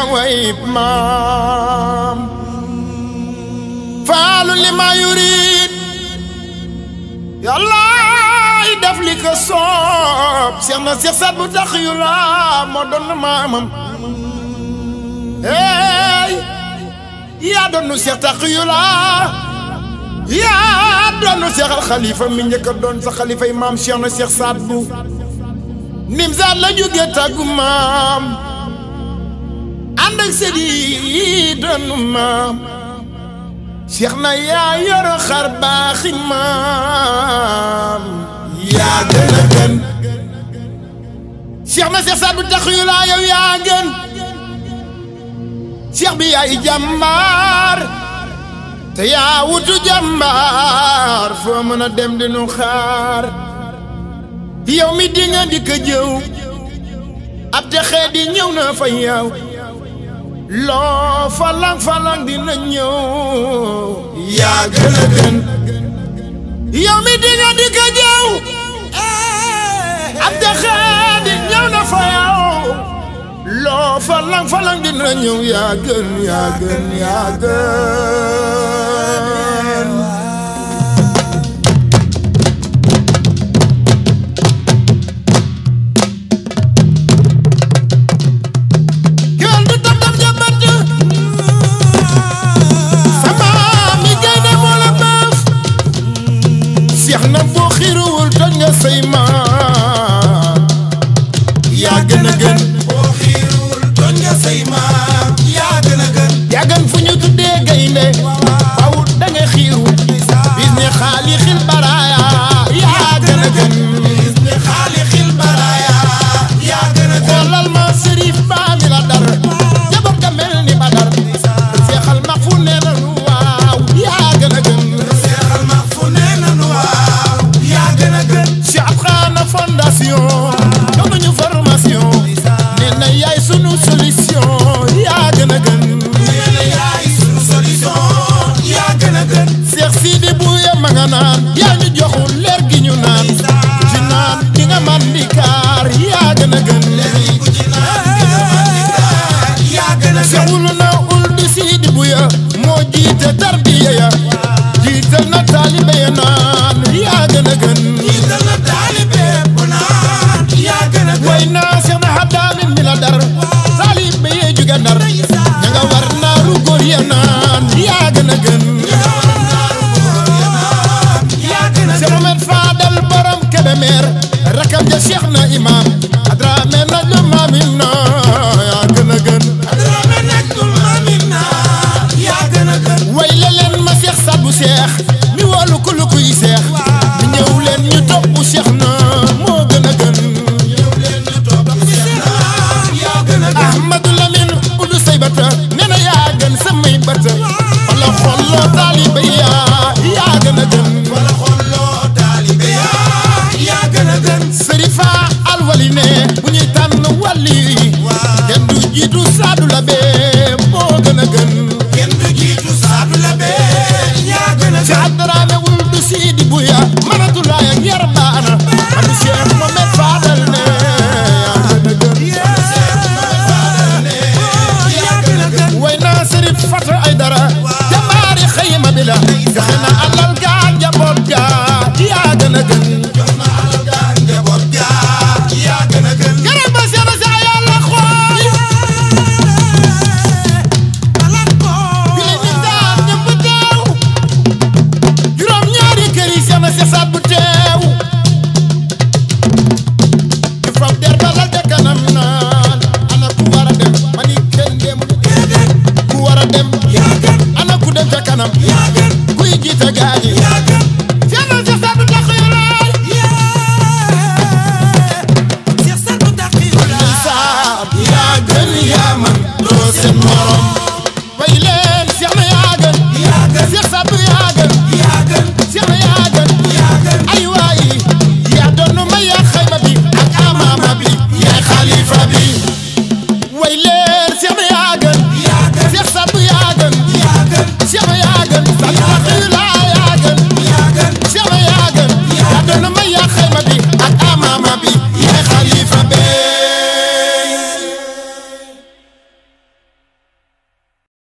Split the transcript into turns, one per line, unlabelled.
ma wayib maam faalu li ma yurit yàllaay def li ko soob seex na seex saat bu tax moo doon maamam eey yaa doonu seex tax yu laa yaa doonu seexal xalifa mi njëkk a doon sa xalifay maam seex na seex saat bu nim saat la jóge tàggu ànd ak sëdi doonu maam Cheikh na yaa yor xar baaxi maam yaa gën a gën Cheikh na Cheikh Saadu taxuyu laa yaa gën Cheikh bi yaay jàmbaar te yaa wutu jàmbaar foo mën a dem di nu xaar yow mi dinga dikk jëw ab te xeet yi ñëw na fa yaw loo falang falang dina ñëw yaa gën a gën yow di nga di ko jëw ab daxaadi ñëw na fa yow loo falang falang dina ñëw yaa gën yaa gën yaa gën gën boo xiirul doon nga say maam yaa gën a gën yaa gën fu ñu tuddee gaynde fawut da nga xiiru bis ne xaali xil baraaya yaa gën a gën bis ne xaali xil baraaya yaa gën a gën xoolal ma sërif baa mi la dar jabar ga mel ni ba dar seexal ma fu nee na nu waaw yaa gën a gën seexal ma fu nee na nu waaw yaa gën a gën si ab xaana fondation nga naan yaa ñu joxul leer gi ñu naan ci naan di nga man di kaar yaa gën a gën sewul na ul di siidi bu ya moo jiite tarbi bu ñuy tànn wàll yi kenn du jiitu saadu la bee moo gën a Stop. up